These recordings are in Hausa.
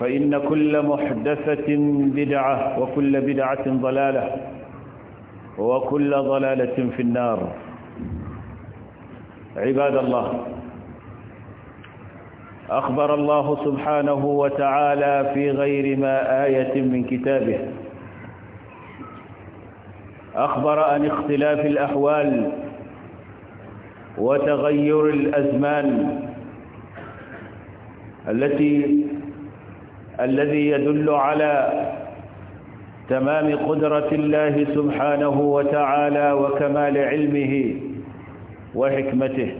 فإن كل محدثة بدعة وكل بدعة ضلالة وكل ضلالة في النار عباد الله أخبر الله سبحانه وتعالى في غير ما آية من كتابه أخبر عن اختلاف الأحوال وتغير الأزمان التي الذي يدل على تمام قدرة الله سبحانه وتعالى وكمال علمه وحكمته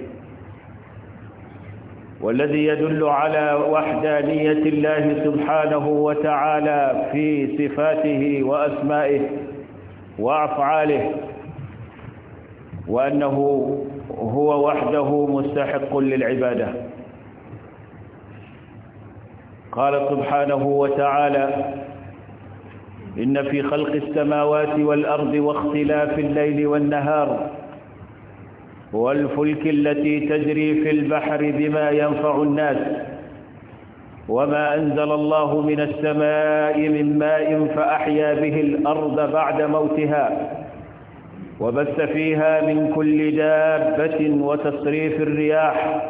والذي يدل على وحدانية الله سبحانه وتعالى في صفاته وأسمائه وأفعاله وأنه هو وحده مستحق للعبادة قال سبحانه وتعالى إن في خلق السماوات والأرض واختلاف الليل والنهار والفلك التي تجري في البحر بما ينفع الناس وما أنزل الله من السماء من ماء فأحيا به الأرض بعد موتها وبث فيها من كل دابة وتصريف الرياح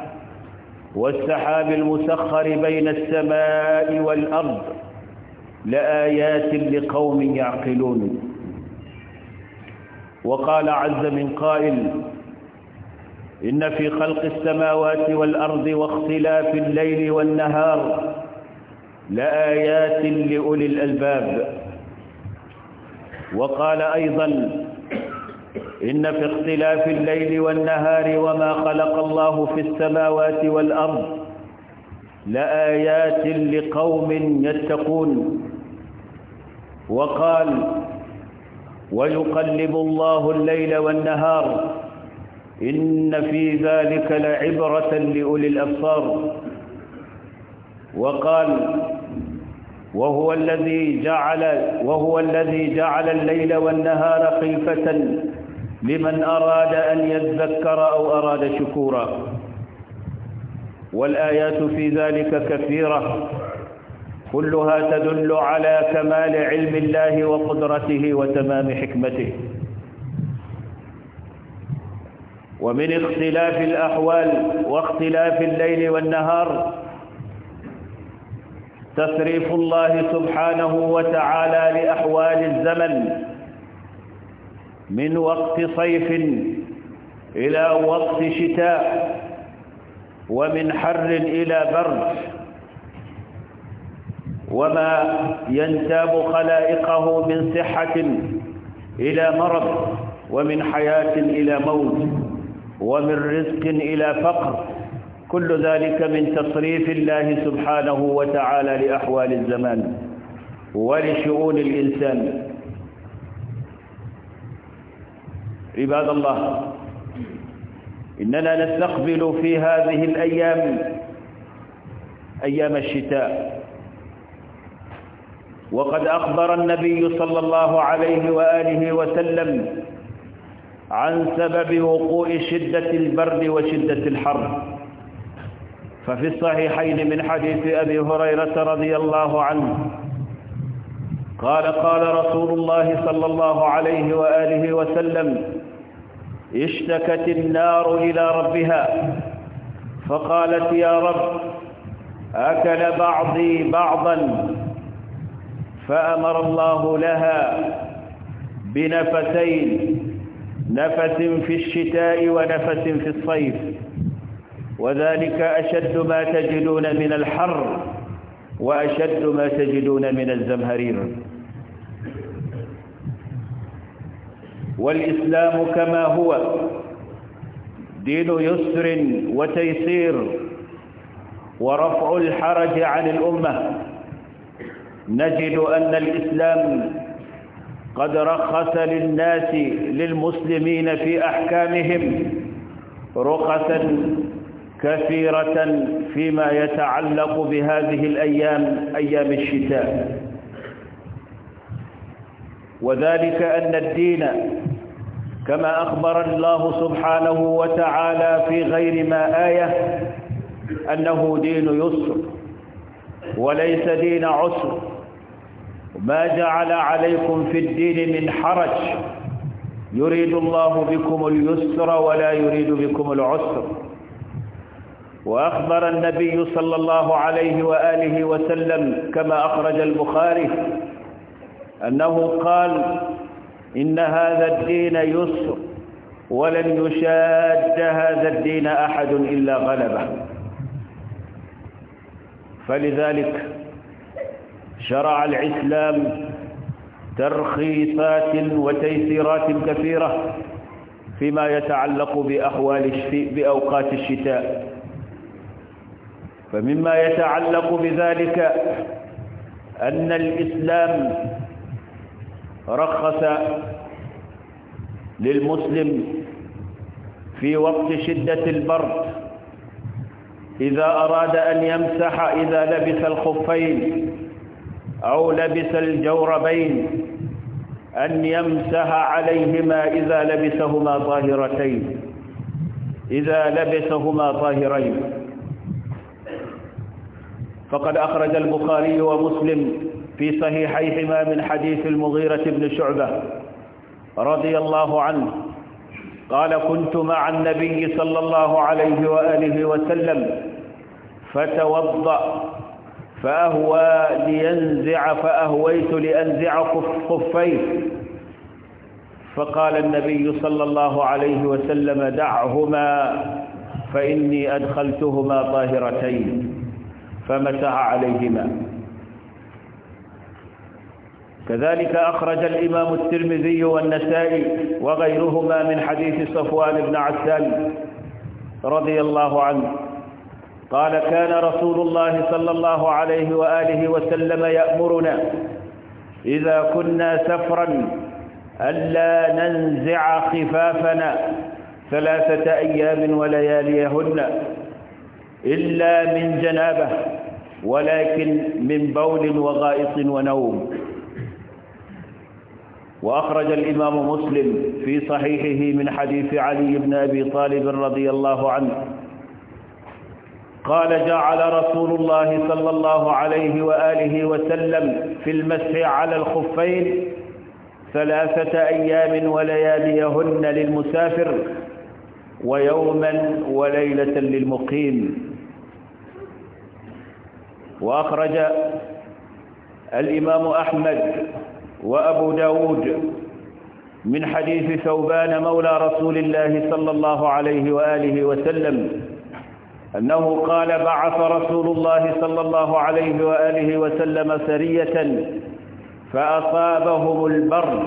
والسحاب المسخر بين السماء والأرض لآيات لقوم يعقلون وقال عز من قائل إن في خلق السماوات والأرض واختلاف الليل والنهار لآيات لأولي الألباب وقال أيضاً إن في اختلاف الليل والنهار وما خلق الله في السماوات والأرض لآيات لقوم يتقون وقال ويقلب الله الليل والنهار إن في ذلك لعبرة لأولي الأبصار وقال وهو الذي جعل وهو الذي جعل الليل والنهار خلفة لمن أراد أن يذكر أو أراد شكورا والآيات في ذلك كثيرة كلها تدل على كمال علم الله وقدرته وتمام حكمته ومن اختلاف الأحوال واختلاف الليل والنهار تصريف الله سبحانه وتعالى لأحوال الزمن من وقت صيف إلى وقت شتاء ومن حر إلى برد وما ينتاب خلائقه من صحة إلى مرض ومن حياة إلى موت ومن رزق إلى فقر كل ذلك من تصريف الله سبحانه وتعالى لأحوال الزمان ولشؤون الإنسان عباد الله إننا نستقبل في هذه الأيام أيام الشتاء وقد أخبر النبي صلى الله عليه وآله وسلم عن سبب وقوع شدة البرد وشدة الحر ففي الصحيحين من حديث أبي هريرة رضي الله عنه قال قال رسول الله صلى الله عليه وآله وسلم اشتكت النار إلى ربها فقالت يا رب أكل بعضي بعضا فأمر الله لها بنفسين نفس في الشتاء ونفس في الصيف وذلك أشد ما تجدون من الحر وأشد ما تجدون من الزمهرير والإسلام كما هو دين يسر وتيسير ورفع الحرج عن الأمة نجد أن الإسلام قد رخص للناس للمسلمين في أحكامهم رخصا كثيرة فيما يتعلق بهذه الأيام أيام الشتاء وذلك أن الدين كما أخبر الله سبحانه وتعالى في غير ما آية أنه دين يسر وليس دين عسر ما جعل عليكم في الدين من حرج يريد الله بكم اليسر ولا يريد بكم العسر وأخبر النبي صلى الله عليه وآله وسلم كما أخرج البخاري أنه قال إن هذا الدين يسر ولن يشاد هذا الدين أحد إلا غلبه فلذلك شرع الإسلام ترخيصات وتيسيرات كثيرة فيما يتعلق بأحوال بأوقات الشتاء فمما يتعلق بذلك أن الإسلام رخص للمسلم في وقت شدة البرد إذا أراد أن يمسح إذا لبس الخفين أو لبس الجوربين أن يمسح عليهما إذا لبسهما ظاهرتين إذا لبسهما ظاهرين فقد أخرج البخاري ومسلم في صحيحيهما من حديث المغيرة بن شعبة رضي الله عنه قال كنت مع النبي صلى الله عليه وآله وسلم فتوضأ فأهوى لينزع فأهويت لأنزع خفيه فقال النبي صلى الله عليه وسلم دعهما فإني أدخلتهما طاهرتين فمسح عليهما كذلك أخرج الإمام الترمذي والنسائي وغيرهما من حديث صفوان بن عسال رضي الله عنه قال كان رسول الله صلى الله عليه وآله وسلم يأمرنا إذا كنا سفرا ألا ننزع خفافنا ثلاثة أيام ولياليهن إلا من جنابه ولكن من بول وغائط ونوم وأخرج الإمام مسلم في صحيحه من حديث علي بن أبي طالب رضي الله عنه قال جعل رسول الله صلى الله عليه وآله وسلم في المسح على الخفين ثلاثة أيام ولياليهن للمسافر ويوما وليلة للمقيم وأخرج الإمام أحمد وأبو داود من حديث ثوبان مولى رسول الله صلى الله عليه وآله وسلم أنه قال بعث رسول الله صلى الله عليه وآله وسلم سرية فأصابهم البرد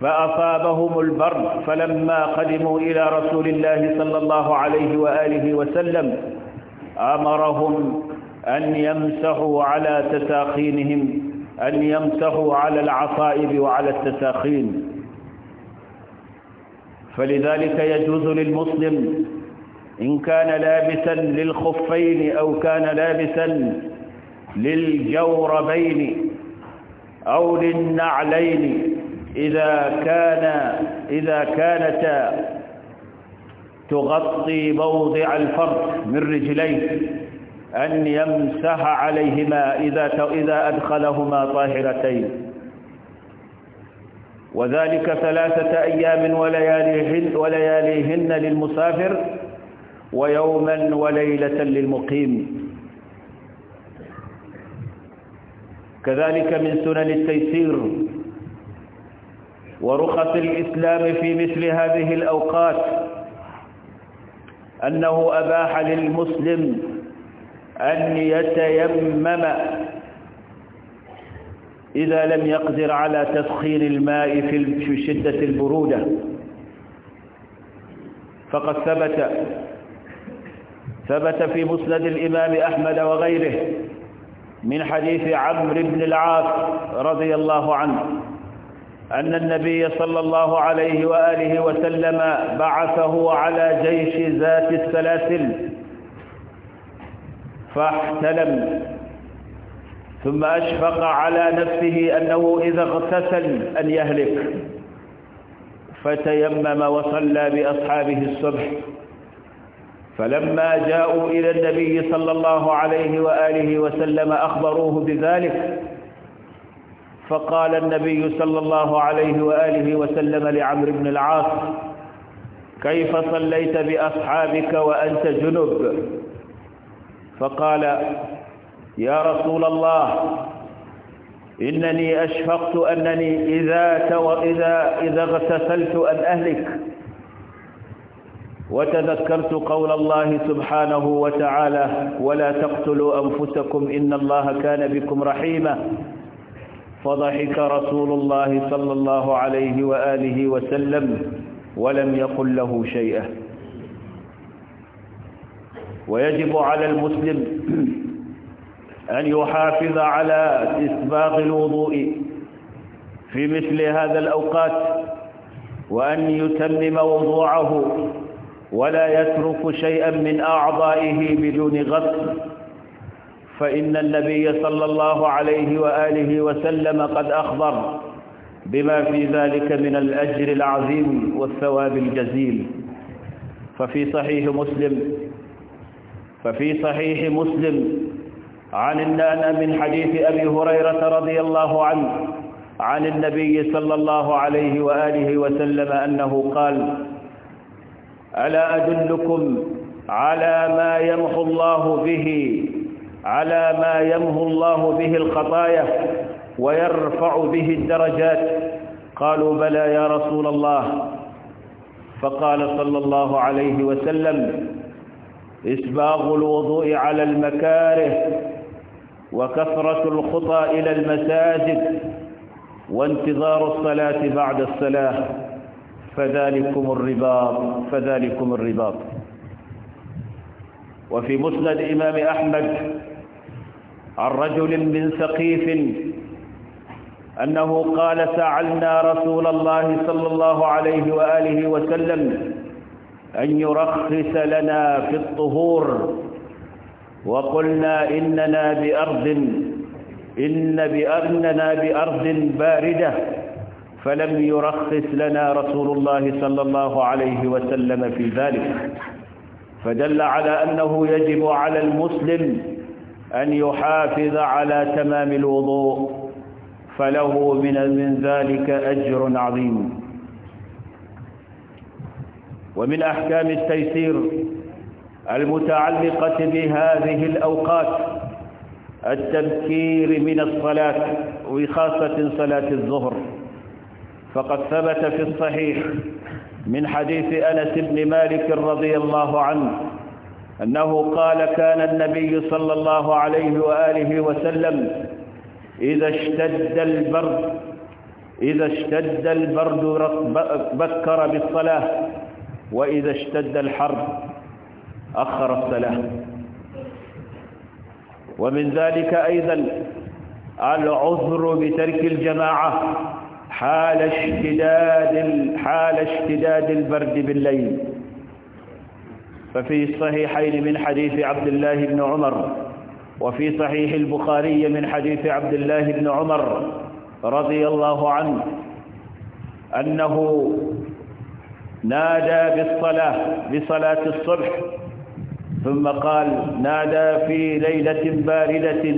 فأصابهم البرد فلما قدموا إلى رسول الله صلى الله عليه وآله وسلم أمرهم أن يمسحوا على تساخينهم أن يمسخوا على العصائب وعلى التساخين فلذلك يجوز للمسلم إن كان لابسا للخفين أو كان لابسا للجوربين أو للنعلين إذا كان إذا كانتا تغطي موضع الفرد من رجليه أن يمسح عليهما إذا إذا أدخلهما طاهرتين وذلك ثلاثة أيام ولياليهن, ولياليهن للمسافر ويوما وليلة للمقيم كذلك من سنن التيسير ورخص الإسلام في مثل هذه الأوقات أنه أباح للمسلم أن يتيمم إذا لم يقدر على تسخين الماء في شدة البرودة فقد ثبت ثبت في مسند الإمام أحمد وغيره من حديث عمرو بن العاص رضي الله عنه أن النبي صلى الله عليه وآله وسلم بعثه على جيش ذات السلاسل فاحتلم ثم أشفق على نفسه أنه إذا اغتسل أن يهلك فتيمم وصلى بأصحابه الصبح فلما جاءوا إلى النبي صلى الله عليه وآله وسلم أخبروه بذلك فقال النبي صلى الله عليه وآله وسلم لعمرو بن العاص كيف صليت بأصحابك وأنت جنب؟ فقال يا رسول الله إنني أشفقت أنني إذا تو إذا إذا اغتسلت أن أهلك وتذكرت قول الله سبحانه وتعالى ولا تقتلوا أنفسكم إن الله كان بكم رحيما فضحك رسول الله صلى الله عليه وآله وسلم ولم يقل له شيئا ويجب على المسلم أن يحافظ على إسباغ الوضوء في مثل هذا الأوقات وأن يتمم وضوعه ولا يترك شيئا من أعضائه بدون غسل فإن النبي صلى الله عليه وآله وسلم قد أخبر بما في ذلك من الأجر العظيم والثواب الجزيل ففي صحيح مسلم ففي صحيح مسلم عن النانا من حديث أبي هريرة رضي الله عنه عن النبي صلى الله عليه وآله وسلم أنه قال ألا أدلكم على ما يمحو الله به على ما يمحو الله به الخطايا ويرفع به الدرجات قالوا بلى يا رسول الله فقال صلى الله عليه وسلم إسباغ الوضوء على المكاره وكثرة الخطى إلى المساجد وانتظار الصلاة بعد الصلاة فذلكم الرباط فذلكم الرباط وفي مسند إمام أحمد عن رجل من ثقيف أنه قال سعلنا رسول الله صلى الله عليه وآله وسلم أن يرخص لنا في الطهور وقلنا إننا بأرض إن بأننا بأرض باردة فلم يرخص لنا رسول الله صلى الله عليه وسلم في ذلك فدل على أنه يجب على المسلم أن يحافظ على تمام الوضوء فله من ذلك أجر عظيم ومن أحكام التيسير المتعلقة بهذه الأوقات التبكير من الصلاة وخاصة صلاة الظهر فقد ثبت في الصحيح من حديث أنس بن مالك رضي الله عنه أنه قال كان النبي صلى الله عليه وآله وسلم إذا اشتد البرد إذا اشتد البرد بكر بالصلاة وإذا اشتد الحرب أخر الصلاة ومن ذلك أيضا العذر بترك الجماعة حال اشتداد حال اشتداد البرد بالليل ففي الصحيحين من حديث عبد الله بن عمر وفي صحيح البخاري من حديث عبد الله بن عمر رضي الله عنه أنه نادى بالصلاة بصلاة الصبح ثم قال نادى في ليلة باردة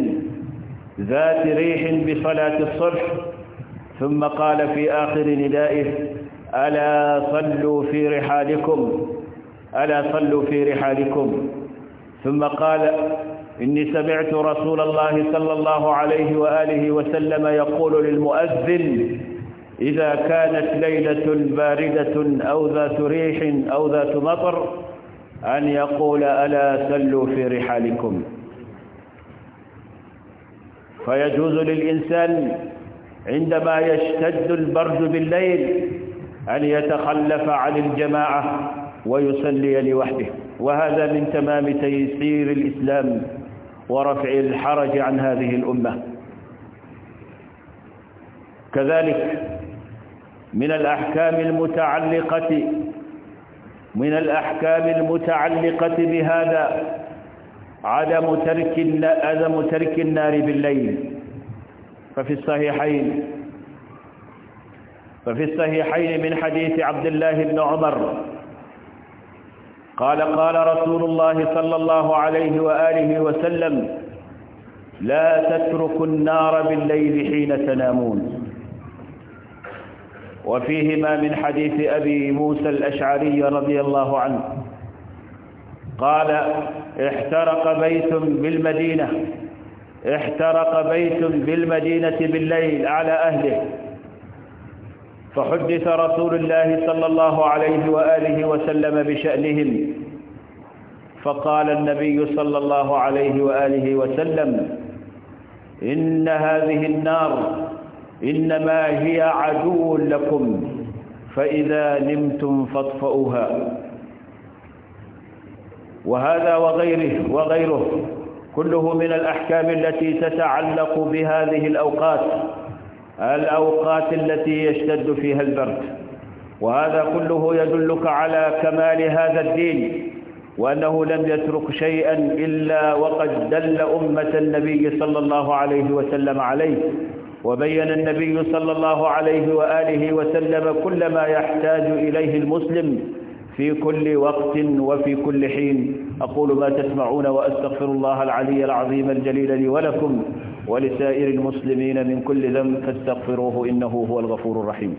ذات ريح بصلاة الصبح ثم قال في آخر ندائه ألا صلوا في رحالكم ألا صلوا في رحالكم ثم قال إني سمعت رسول الله صلى الله عليه وآله وسلم يقول للمؤذن إذا كانت ليلة باردة أو ذات ريح أو ذات مطر أن يقول ألا سلوا في رحالكم فيجوز للإنسان عندما يشتد البرد بالليل أن يتخلف عن الجماعة ويصلي لوحده وهذا من تمام تيسير الإسلام ورفع الحرج عن هذه الأمة كذلك من الأحكام المتعلقة من الأحكام المتعلقة بهذا عدم ترك عدم ترك النار بالليل ففي الصحيحين ففي الصحيحين من حديث عبد الله بن عمر قال قال رسول الله صلى الله عليه وآله وسلم لا تتركوا النار بالليل حين تنامون وفيهما من حديث أبي موسى الأشعري رضي الله عنه قال احترق بيت بالمدينة احترق بيت بالمدينة بالليل على أهله فحدث رسول الله صلى الله عليه وآله وسلم بشأنهم فقال النبي صلى الله عليه وآله وسلم إن هذه النار إنما هي عدو لكم فإذا نمتم فاطفؤوها وهذا وغيره وغيره كله من الأحكام التي تتعلق بهذه الأوقات الأوقات التي يشتد فيها البرد وهذا كله يدلك على كمال هذا الدين وأنه لم يترك شيئا إلا وقد دل أمة النبي صلى الله عليه وسلم عليه وبين النبي صلى الله عليه وآله وسلم كل ما يحتاج إليه المسلم في كل وقت وفي كل حين أقول ما تسمعون وأستغفر الله العلي العظيم الجليل لي ولكم ولسائر المسلمين من كل ذنب فاستغفروه إنه هو الغفور الرحيم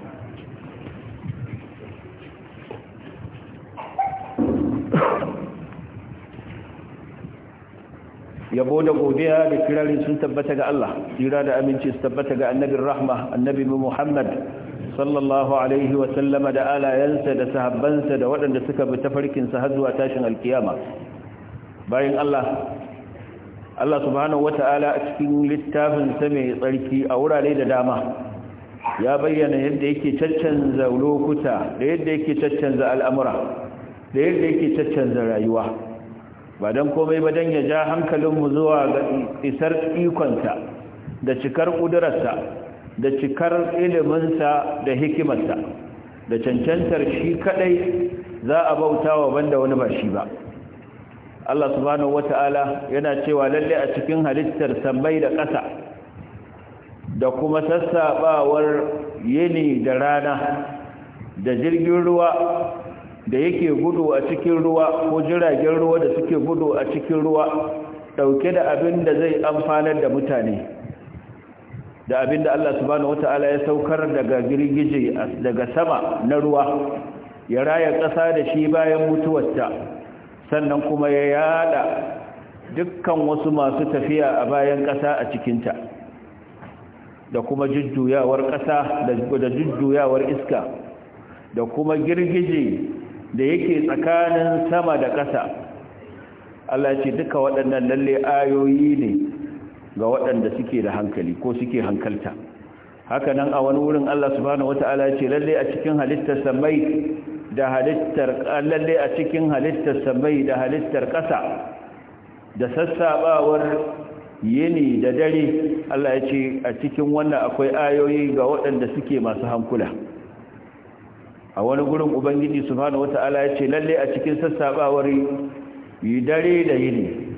yabo da godiya da kirari sun tabbata ga Allah jira da aminci su tabbata ga annabin rahma annabi Muhammad sallallahu alaihi wa sallama da alayansa da sahabbansa da waɗanda suka bi tafarkin sa har zuwa tashin alkiyama bayan Allah Allah subhanahu wata'ala a cikin littafin sa mai tsarki a wurare da dama ya bayyana yadda yake caccanza lokuta da yadda yake caccanza al'amura da yadda yake caccanza rayuwa ba don komai ba don ya ja hankalinmu zuwa ga isar ikonta da cikar ƙudurarsa da cikar iliminsa da hikimarsa da cancantar shi kadai za a bauta wa banda wani ba shi ba Allah subhanahu wata'ala yana cewa lalle a cikin halittar sambai da ƙasa da kuma sassaɓawar yini da rana da jirgin ruwa da yake gudu a cikin ruwa ko jiragen ruwa da suke gudu a cikin ruwa dauke da abin da zai amfanar da mutane da abin da Allah subhanahu wata'ala ya saukar daga girgije daga sama na ruwa ya raya ƙasa da shi bayan mutuwarta sannan kuma ya yada dukkan wasu masu tafiya a bayan ƙasa a cikinta da kuma jujjuyawar ƙasa da jujjuyawar iska da kuma girgije da yake tsakanin sama da ƙasa Allah ce duka waɗannan lalle ayoyi ne ga waɗanda suke da hankali ko suke hankalta haka nan a wani wurin Allah subhanahu wata'ala ce lalle a cikin halittar samai da halittar lalle a cikin halittar samai da halittar ƙasa da sassabawar yini da dare Allah ya ce a cikin wannan akwai ayoyi ga waɗanda suke masu hankula a wani gurin ubangiji subhanahu wata'ala ya ce lalle a cikin sassabawari yi dare da yini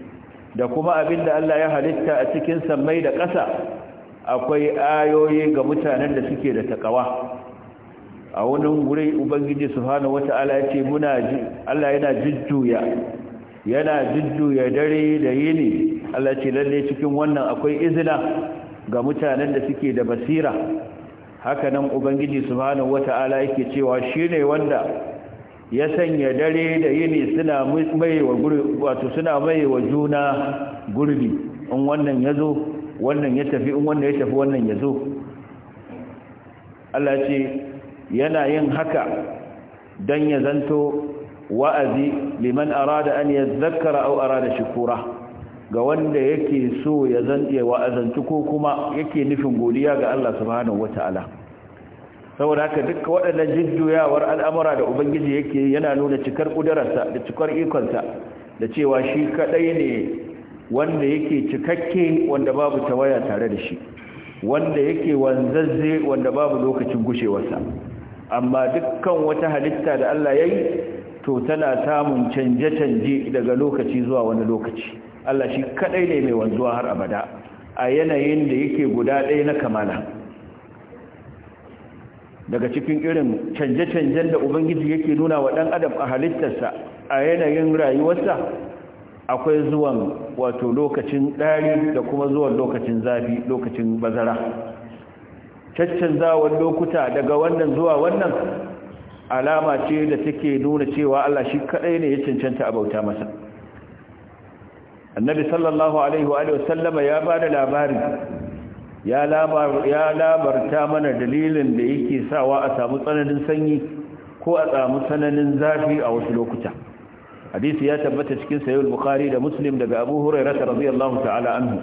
da kuma abin da Allah ya halitta a cikin samai da ƙasa akwai ayoyi ga mutanen da suke da takawa a wani gurin ubangiji subhanahu wata'ala ya ce muna ji Allah yana jujjuya yana jujjuya dare da yini Allah ce lalle cikin wannan akwai izina ga mutanen da suke da basira haka nan ubangiji subhanahu wata'ala yake cewa shine wanda ya sanya dare da yini suna mai wa wato suna mai wa juna gurbi in wannan yazo wannan ya tafi in wannan ya tafi wannan yazo Allah ce yana yin haka dan ya zanto wa'azi liman arada an yadhakkara aw arada shukura ga wanda yake so ya wa azanci ko kuma yake nufin godiya ga Allah subhanahu wata'ala saboda haka duk waɗannan jiddoyawar al'amura da ubangiji yake yana nuna cikar kudararsa da cikar ikonsa da cewa shi kadai ne wanda yake cikakke wanda babu tawaya tare da shi wanda yake wanzazze wanda babu lokacin gushewarsa amma dukkan wata halitta da Allah yayi to tana samun canje-canje daga lokaci zuwa wani lokaci Allah shi kadai ne mai wanzuwa har abada a yanayin da yake guda ɗaya na kamala daga cikin irin canje-canjen da ubangiji yake nuna wa ɗan adam a halittarsa a yanayin rayuwarsa akwai zuwan wato lokacin ɗari da kuma zuwan lokacin zafi lokacin bazara zawon lokuta daga wannan zuwa wannan alama ce da take nuna cewa Allah shi kadai ne ya cancanta a bauta masa annabi sallallahu alaihi wa sallama ya bada labari ya labar ya labarta mana dalilin da yake sawa a samu tsananin sanyi ko a samu tsananin zafi a wasu lokuta hadisi ya tabbata cikin sahih bukhari da muslim daga abu hurairah radiyallahu ta'ala anhu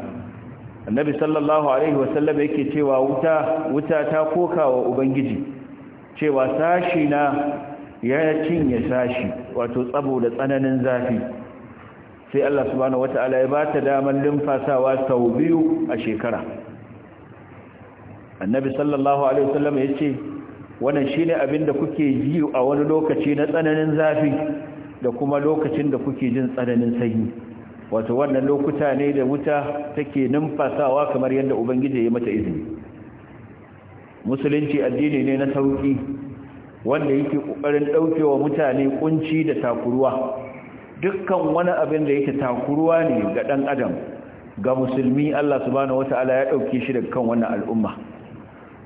annabi sallallahu alaihi wa sallama yake cewa wuta wuta ta kokawa ubangiji cewa sashi na ya cinye sashi wato tsabo da tsananin zafi sai Allah subhanahu wata'ala ya ba ta daman limfasawa sau biyu a shekara annabi sallallahu alaihi wasallam ya ce wannan shine abin da kuke ji a wani lokaci na tsananin zafi da kuma lokacin da kuke jin tsananin sanyi wato wannan lokuta ne da wuta take numfasawa kamar yadda ubangiji ya mata izini musulunci addini ne na sauki wanda yake kokarin daukewa mutane kunci da takuruwa dukkan wani abin da yake takuruwa ne ga ɗan adam ga musulmi Allah subhanahu wataala ya ɗauki shi da kan wannan al'umma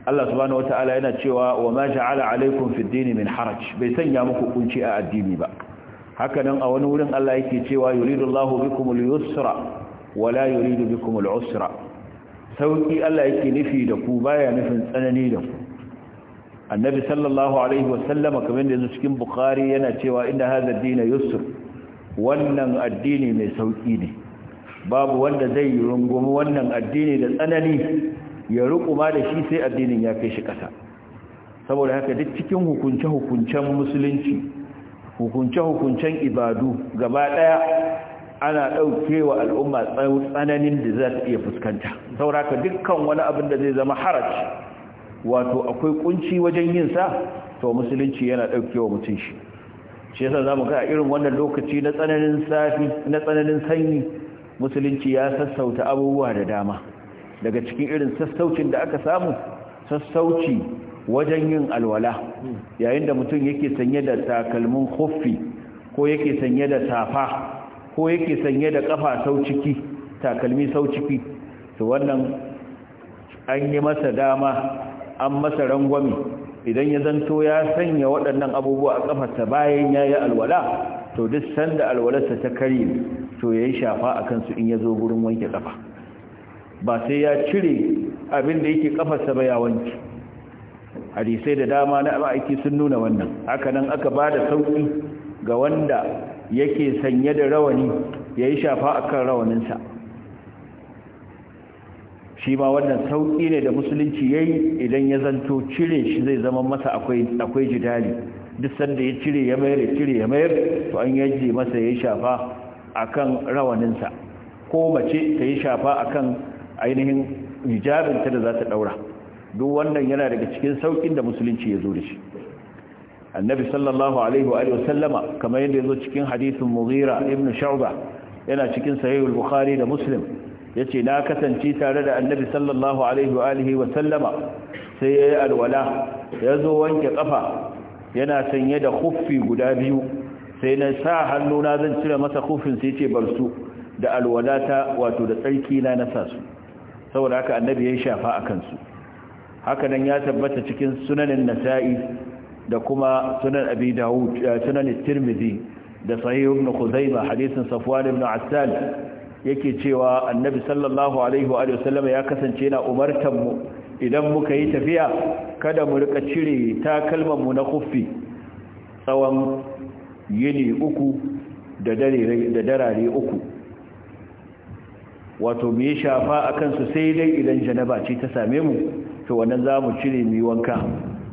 Allah subhanahu wataala yana cewa wa ma ja'ala alaikum fi dini min haraj bai sanya muku kunci a addini ba haka nan a wani wurin Allah yake cewa yuridu Allahu yusra wala yuridu bikumul usra sauki Allah yake nufi da ku baya nufin tsanani da ku annabi sallallahu alaihi sallam kamar da cikin bukhari yana cewa inna hadha ad-din wannan addini mai sauƙi ne babu wanda zai yi rungumi wannan addini da tsanani ya ma da shi sai addinin ya kai shi ƙasa saboda haka duk cikin hukunce-hukuncen musulunci hukunce-hukuncen ibadu gaba ɗaya ana ɗauke wa al'umma tsananin da za ta iya fuskanta sauraka dukkan wani abin da zai zama haraci wato akwai ƙunci wajen yin sa to musulunci yana ɗauke wa mutum shi shi yasa zamu ga irin wannan lokaci na tsananin safi na tsananin sanyi musulunci ya sassauta abubuwa da dama daga cikin irin sassaucin da aka samu sassauci wajen yin alwala yayin da mutum yake sanye da takalmin khuffi ko yake sanye da safa ko yake sanye da kafa sau ciki takalmi sau ciki to wannan an yi masa dama an masa rangwami idan ya zanto ya sanya waɗannan abubuwa a ƙafarsa bayan ya yi alwala to duk sanda alwalarsa ta kare to ya yi shafa a kansu in ya zo gurin wanke ƙafa ba sai ya cire abin da yake ƙafarsa ba ya wanke hadisai da dama na ma'aiki sun nuna wannan haka nan aka ba da sauƙi ga wanda yake sanye da rawani ya yi shafa a kan rawaninsa shi ma wannan sauƙi ne da musulunci ya yi idan ya zanto cire shi zai zama masa akwai jidali duk sanda ya cire ya mayar ya cire ya mayar to an yaji masa ya yi shafa a kan rawaninsa ko mace ta yi shafa a kan ainihin hijabinta da za ta ɗaura duk wannan yana daga cikin sauƙin da musulunci ya zo da shi annabi sallallahu alaihi wa sallama kamar yadda ya zo cikin hadisin mughira ibn Shaba yana cikin sahihul bukhari da muslim ya ce na kasance tare da annabi sallallahu alaihi wa alihi wa ya sai yayi alwala zo wanke kafa yana sanye da hufi guda biyu sai na sa hannu na zan cire masa khuffin sai yace bar su da alwalata wato da tsarki na nasa su saboda haka annabi ya yi shafa a kansu hakanan ya tabbata cikin sunanin nasa'i da kuma sunan abi dawud eh, sunan tirmidhi da sahih ibn khuzaimah hadisin safwan ibn assal yake cewa annabi sallallahu alaihi wa sallama ya kasance na umartar mu idan muka yi tafiya kada mu rika cire takalman mu na kuffi tsawon yini uku da dare da darare uku wato mu yi shafa akan su sai dai idan janaba ce ta same mu to wannan za mu cire mu wanka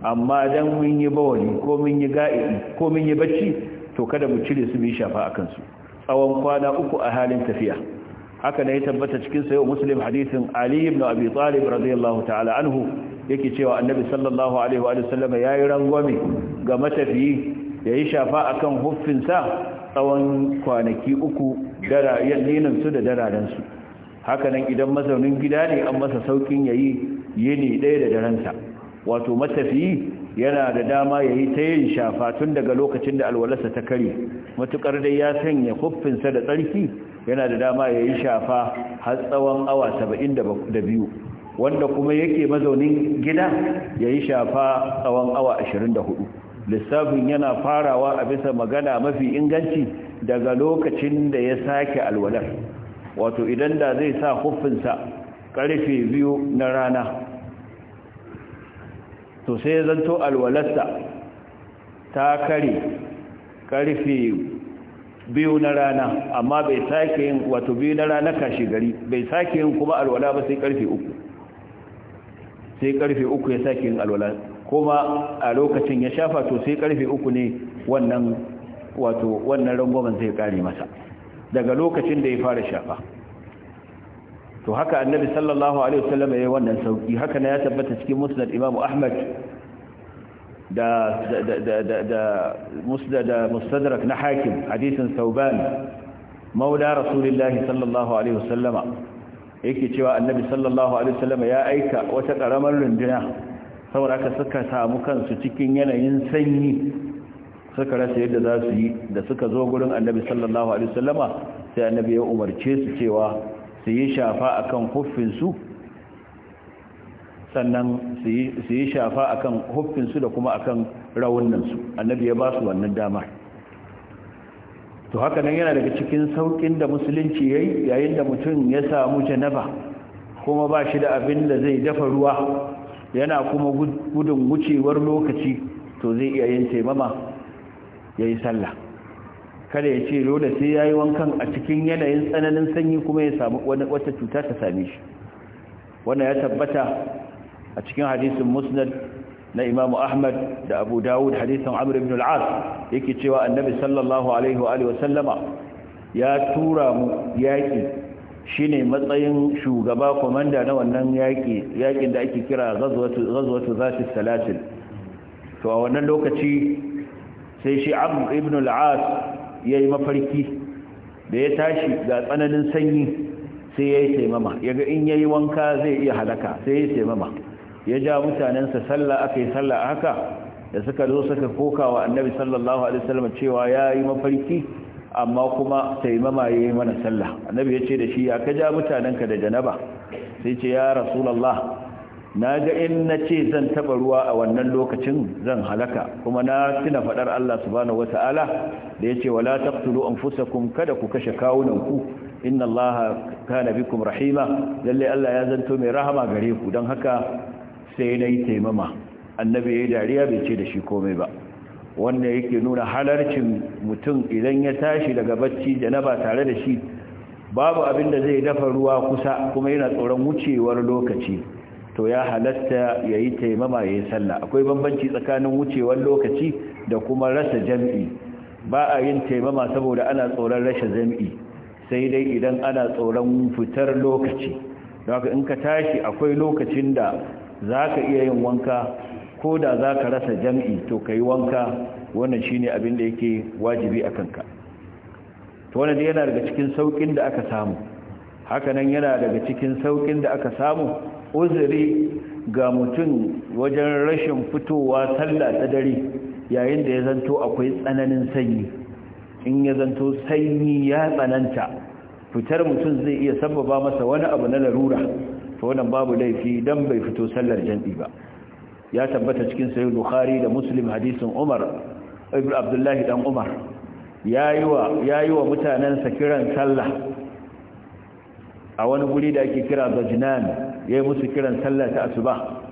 amma dan mun yi bawani ko mun yi ga'i ko mun yi bacci to kada mu cire su mu yi shafa akan su tsawon kwana uku a halin tafiya haka ne ya tabbata cikin sayo muslim hadisin ali ibn abi talib radiyallahu ta'ala anhu yake cewa annabi sallallahu alaihi wa sallama yayi rangwame ga matafiyi yayi shafa akan sa tsawon kwanaki uku dara yanninin su da dararen su idan mazaunin gida ne an masa saukin yayi yini ɗaya da darensa wato matafiyi yana da dama ya yi ta yin shafa tun daga lokacin da alwalarsa ta kare matukar dai ya sanya kuffinsa da tsarki yana da dama ya yi shafa har tsawon awa saba'in da biyu wanda kuma yake mazaunin gida ya yi shafa tsawon awa ashirin da hudu lissafin yana farawa a bisa magana mafi inganci daga lokacin da ya sake alwalar wato idan da zai sa kuffinsa ƙarfe biyu na rana to sai ya zanto alwalasta ta kare karfe biyu na rana amma bai sake yin wato biyu na rana kashi gari bai sake yin kuma alwala ba sai karfe uku sai karfe uku ya sake yin alwala kuma a lokacin ya shafa to sai karfe uku ne wannan wato wannan rangwamen zai kare masa daga lokacin da ya fara shafa to haka annabi sallallahu alaihi wasallam yayin wannan sauki haka ne ya tabbata cikin musnad imam ahmad da da da da mustadrak na hakim hadisin sauban maula rasulullahi sallallahu alaihi wasallama yake cewa annabi sallallahu alaihi ya aika wata karamar runduna saboda aka suka samu kansu cikin yanayin sanyi suka rasa yadda za su yi da suka zo gurin annabi sallallahu alaihi wasallama sai annabi ya umarce su cewa su yi shafa kan huffinsu sannan su yi shafa akan huffinsu da kuma a kan rawunansu annabi ya ba su wannan damar to haka nan yana daga cikin saukin da musulunci yayi yayin da mutum ya samu janaba kuma ba shi da abin da zai dafa ruwa yana kuma gudun wucewar lokaci to zai iya yin taimama ya yi sallah kada ya ce dole sai ya yi wankan a cikin yanayin tsananin sanyi kuma ya samu wata cuta ta same shi wannan ya tabbata a cikin hadisin musnad na imamu ahmad da abu dawud hadisin amr ibn al yake cewa annabi sallallahu alaihi wa sallama ya tura mu yaƙi shine matsayin shugaba komanda na wannan yaki da ake kira ghazwatu ghazwatu zati to a wannan lokaci sai shi amr ibn al ya yi mafarki da ya tashi ga tsananin sanyi sai ya yi taimama ya ga in ya yi wanka zai iya halaka sai ya yi taimama ya ja mutanensa sallah aka yi sallah haka da suka zo suka koka wa annabi sallallahu alaihi wasallam cewa ya yi mafarki amma kuma taimama ya yi mana sallah annabi ya ce da shi ya ka ja mutanenka da janaba sai ce ya rasulallah na ga in na ce zan taɓa ruwa a wannan lokacin zan halaka kuma na tuna faɗar Allah subhanahu wata'ala da ya ce wala taqtulu anfusakum kada ku kashe kawunanku inna Allah kana bikum rahima lalle Allah ya zanto mai rahama gare ku don haka sai nayi taimama annabi ya dariya bai ce da shi komai ba wanda yake nuna halarcin mutum idan ya tashi daga bacci da na ba tare da shi babu abin da zai dafa ruwa kusa kuma yana tsoron wucewar lokaci to ya halatta ya yi taimama ya yi sallah akwai bambanci tsakanin wucewar lokaci da kuma rasa jam'i ba a yin taimama saboda ana tsoron rasa jam'i sai dai idan ana tsoron fitar lokaci da haka in ka tashi akwai lokacin da za ka iya yin wanka ko da za ka rasa jam'i to ka yi wanka wannan shi ne abin da yake wajibi a kanka to yana daga cikin saukin da aka samu hakanan yana daga cikin saukin da aka samu uzuri ga mutum wajen rashin fitowa sallah ta dare yayin da ya zanto akwai tsananin sanyi in ya zanto sanyi ya tsananta fitar mutum zai iya sababa masa wani abu na larura ta wannan babu laifi don bai fito sallar jan'i ba ya tabbata cikin sayi bukhari da muslim hadisin umar abdullahi dan umar ya yi wa mutanensa kiran sallah a wani guri da ake kira bajnan ya yi musu kiran sallar ta asuba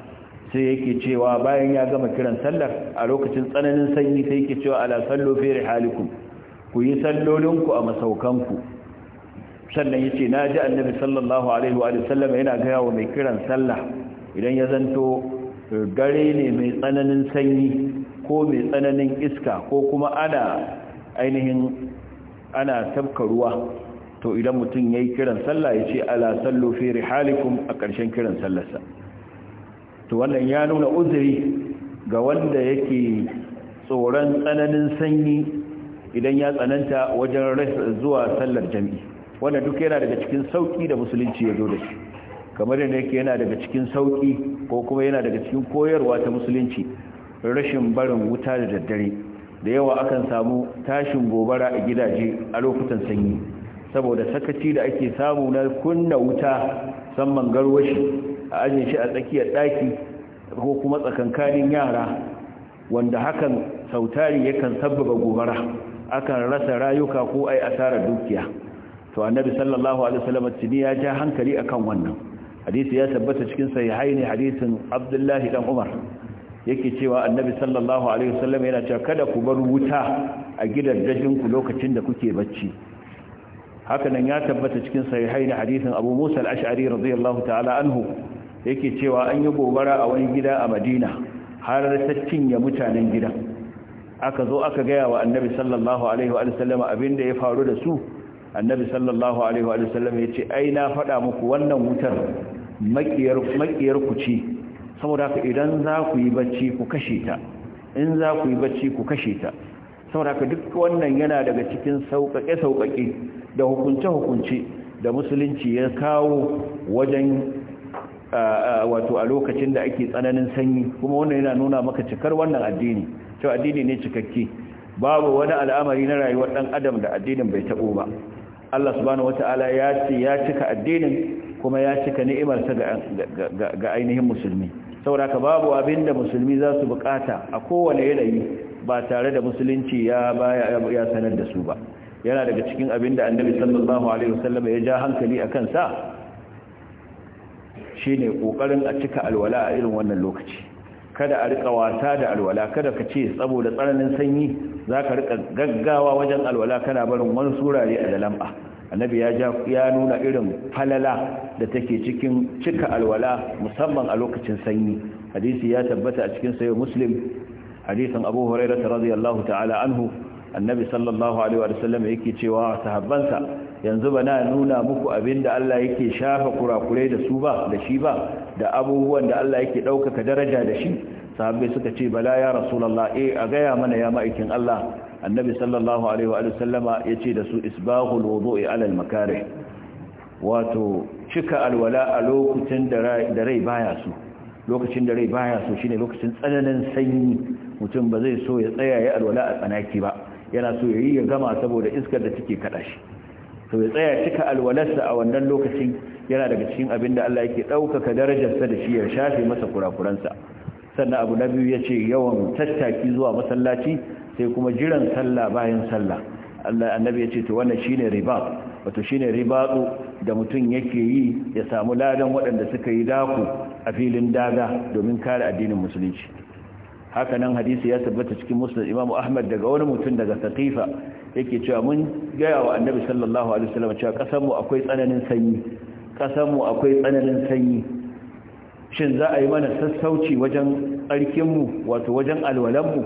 sai yake cewa bayan ya gama kiran sallar a lokacin tsananin sanyi sai yake cewa ala sallo fi ku yi sallolinku a masaukanku sannan yace na ji annabi sallallahu alaihi wa sallam yana gaya wa mai kiran sallah idan ya zanto dare ne mai tsananin sanyi ko mai tsananin iska ko kuma ana ainihin ana tabka ruwa to idan mutum ya yi kiran sallah ya ce ala sallu fi rihalikum a ƙarshen kiran sallarsa to wannan ya nuna uzuri ga wanda yake tsoron tsananin sanyi idan ya tsananta wajen zuwa sallar jami'i wanda duk yana daga cikin sauki da musulunci ya zo da shi kamar yadda yake yana daga cikin sauki ko kuma yana daga cikin koyarwa ta musulunci rashin barin wuta da daddare da yawa akan samu tashin gobara a gidaje a lokutan sanyi saboda sakaci da ake samu na kunna wuta musamman garwashi a ajin shi a tsakiyar daki ko kuma tsakankanin yara wanda hakan sautari yakan sabbaba gobara akan rasa rayuka ko ai asarar dukiya to annabi sallallahu alaihi wasallam tuni ya ja hankali akan wannan hadisi ya tabbata cikin sahihaini hadisin abdullahi dan umar yake cewa annabi sallallahu alaihi wasallam yana cewa kada ku bar wuta a gidajen ku lokacin da kuke bacci haka nan ya tabbata cikin sahihai na hadisin abu musa al-ash'ari radiyallahu ta'ala anhu yake cewa an yi gobara a wani gida a madina har ta cinye mutanen gidan aka zo aka gaya wa annabi sallallahu alaihi wa sallam ya faru da su annabi sallallahu alaihi wa sallam ya ce ai na faɗa muku wannan wutar makiyar makiyar ku ce saboda haka idan za ku yi bacci ku kashe ta in za ku yi bacci ku kashe ta saboda haka duk wannan yana daga cikin sauƙaƙe sauƙaƙe da hukunce-hukunce da musulunci ya kawo wajen wato a lokacin da ake tsananin sanyi kuma wannan yana nuna maka cikar wannan addini cewa addini ne cikakke babu wani al'amari na rayuwar dan adam da addinin bai tabo ba Allah subhanahu wataala ya ce ya cika addinin kuma ya cika ni'imarsa ga ga ainihin musulmi saboda ka babu abinda musulmi za su bukata a kowane yanayi ba tare da musulunci ya ya sanar da su ba yana daga cikin abin da annabi sallallahu alaihi wasallam ya ja hankali a kansa shine kokarin a cika alwala a irin wannan lokaci kada a rika wasa da alwala kada ka ce saboda tsananin sanyi zaka rika gaggawa wajen alwala kana barin wani surare a da lamba annabi ya ya nuna irin falala da take cikin cika alwala musamman a lokacin sanyi hadisi ya tabbata a cikin sahih muslim hadisin abu hurairah radiyallahu ta'ala anhu annabi sallallahu alaihi wa yake cewa sahabbansa yanzu bana nuna muku abinda Allah yake shafa kurakurai da su ba da shi ba da abubuwan da Allah yake daukaka daraja da shi sahabbai suka ce bala ya rasulullah eh a gaya mana ya ma'aikin Allah annabi sallallahu alaihi wa yace da su isbaghul wudu'i ala al makarih wato cika alwala a lokacin da rai baya su lokacin da rai baya su shine lokacin tsananin sanyi mutum ba zai so ya tsaya ya alwala a tsanaki ba yana so yayi ya gama saboda iskar da take kada shi to ya tsaya cika alwalarsa a wannan lokacin yana daga cikin abin da Allah yake ɗaukaka darajarsa da shi ya shafe masa kurakuransa sannan abu nabi ya ce yawan tattaki zuwa masallaci sai kuma jiran sallah bayan sallah Allah annabi ya ce to wannan shine riba wato shine ribatu da mutum yake yi ya samu ladan waɗanda suka yi daku a filin daga domin kare addinin musulunci haka nan hadisi ya tabbata cikin musnad imamu ahmad daga wani mutum daga saqifa yake cewa mun gaya wa annabi sallallahu alaihi wasallam cewa kasan mu akwai tsananin sanyi kasan mu akwai tsananin sanyi shin za a yi mana sassauci wajen arkin mu wato wajen alwalan mu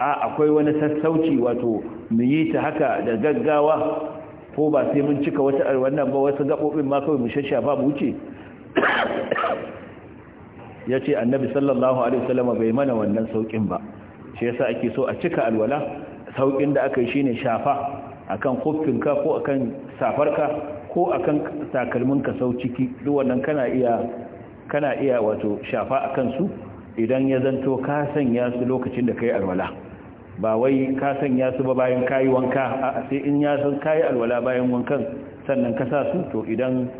a akwai wani sassauci wato mu yi ta haka da gaggawa ko ba sai mun cika wata wannan ba wasu gabobin ma kawai mu shashafa mu wuce ya ce annabi sallallahu alaihi wasallama bai mana wannan saukin ba shi yasa ake so a cika alwala saukin da aka yi shine shafa akan kofinka ko akan safarka ko akan takalminka sau ciki duk wannan kana iya kana iya wato shafa akan su idan ya zanto ka sanya su lokacin da kai alwala ba wai ka sanya su ba bayan kayi wanka a sai in ya san kayi alwala bayan wankan sannan ka sa su to idan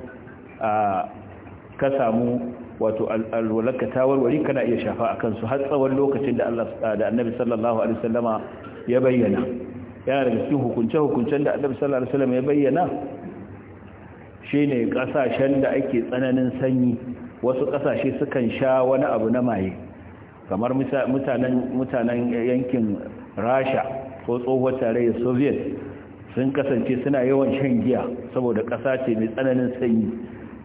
ka samu wato alwalarka ta warware kana iya shafa a kansu har tsawon lokacin da Allah da Annabi sallallahu alaihi wasallama ya bayyana yana daga cikin hukunce hukuncen da Annabi sallallahu alaihi wasallama ya bayyana shine kasashen da ake tsananin sanyi wasu kasashe sukan sha wani abu na maye kamar mutanen mutanen yankin Rasha ko tsohuwar tarayyar Soviet sun kasance suna yawan shan giya saboda kasa ce mai tsananin sanyi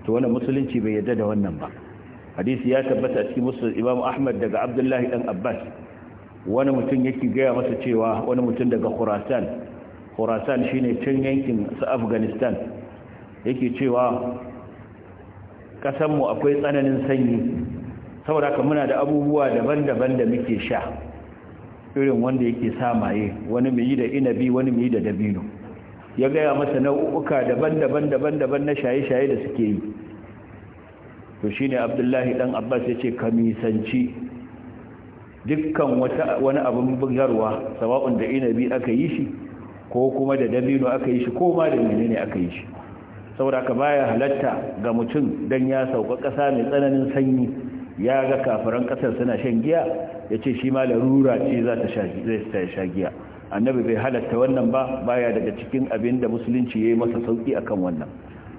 to wannan musulunci bai yarda da wannan ba hadisi ya tabbata a cikin musul imamu ahmad daga abdullahi dan abbas wani mutum yake gaya masa cewa wani mutum daga khurasan khurasan shine can yankin su afghanistan yake cewa kasanmu akwai tsananin sanyi saboda haka muna da abubuwa daban-daban da muke sha irin wanda yake samaye wani mai yi da inabi wani mai yi da dabino ya gaya masa nau'uka daban daban-daban na shaye-shaye da suke yi to shi ne abdullahi ɗan abbas ya ce kamisanci dukkan wani abin bugarwa sawa'un da inabi aka yi shi ko kuma da dabino aka yi shi ko ma da menene aka yi shi saboda ka baya halatta ga mutum dan ya sauka ƙasa mai tsananin sanyi ya ga kafiran ƙasar suna shan giya ya ce shi ma larura ce za ta sha giya annabi bai halatta wannan ba baya daga cikin abin da musulunci ya yi masa sauƙi akan wannan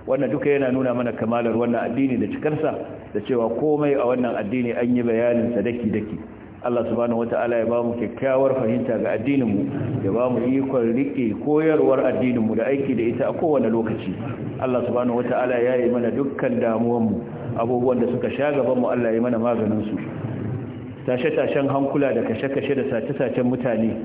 wannan duka yana nuna mana kamalar wannan addini da cikarsa da cewa komai a wannan addini an yi bayanin sa daki daki Allah subhanahu wata'ala ya bamu kyakkyawar fahimta ga addininmu ya ba mu ikon rike koyarwar addininmu da aiki da ita a kowane lokaci Allah subhanahu wata'ala ya yi mana dukkan mu abubuwan da suka sha gabanmu Allah ya mana maganinsu tashe-tashen hankula da kashe-kashe da sace-sacen mutane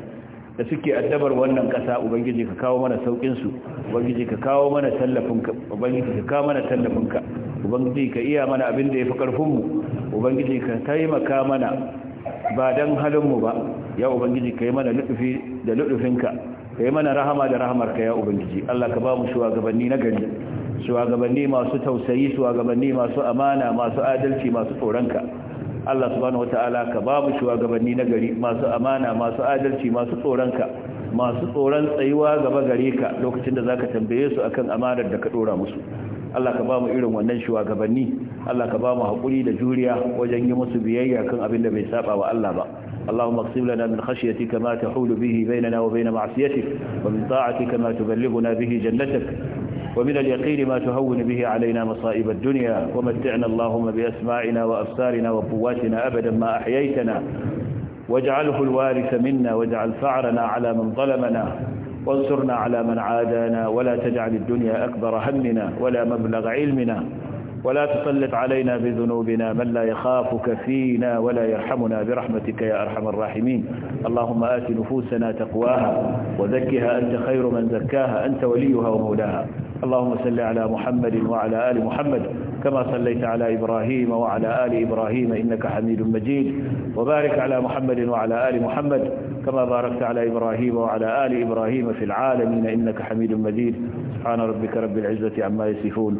da suke addabar wannan ƙasa ubangiji ka kawo mana sauƙinsu ubangiji ka kawo mana tallafinka ubangiji ka kawo mana tallafinka ubangiji ka iya mana abin da ya fi ƙarfinmu ubangiji ka taimaka mana ba don halinmu ba ya ubangiji ka yi mana luɗufi da luɗufinka ka yi mana rahama da rahamarka ya ubangiji allah ka ba mu shugabanni na gari shugabanni masu tausayi shugabanni masu amana masu adalci masu tsoronka Allah subhanahu wata'ala ka bamu mu shugabanni na gari masu amana masu adalci masu tsoronka masu tsoron tsayuwa gaba gare ka lokacin da zaka tambaye su akan amanar da ka dora musu Allah ka bamu irin wannan shugabanni Allah ka bamu hakuri haƙuri da juriya wajen yi musu biyayya kan abin da bai saba wa Allah ba اللهم اقسم لنا من خشيتك ما تحول به بيننا وبين معصيتك ومن طاعتك ما تبلغنا به جنتك ومن اليقين ما تهون به علينا مصائب الدنيا ومتعنا اللهم بأسماعنا وأبصارنا وقواتنا أبدا ما أحييتنا واجعله الوارث منا واجعل فعرنا على من ظلمنا وانصرنا على من عادانا ولا تجعل الدنيا أكبر همنا ولا مبلغ علمنا ولا تسلط علينا بذنوبنا من لا يخافك فينا ولا يرحمنا برحمتك يا أرحم الراحمين اللهم آت نفوسنا تقواها وزكها أنت خير من زكاها أنت وليها ومولاها اللهم صل على محمد وعلى آل محمد كما صليت على إبراهيم وعلى آل إبراهيم إنك حميد مجيد وبارك على محمد وعلى آل محمد كما باركت على إبراهيم وعلى آل إبراهيم في العالمين إنك حميد مجيد سبحان ربك رب العزة عما يصفون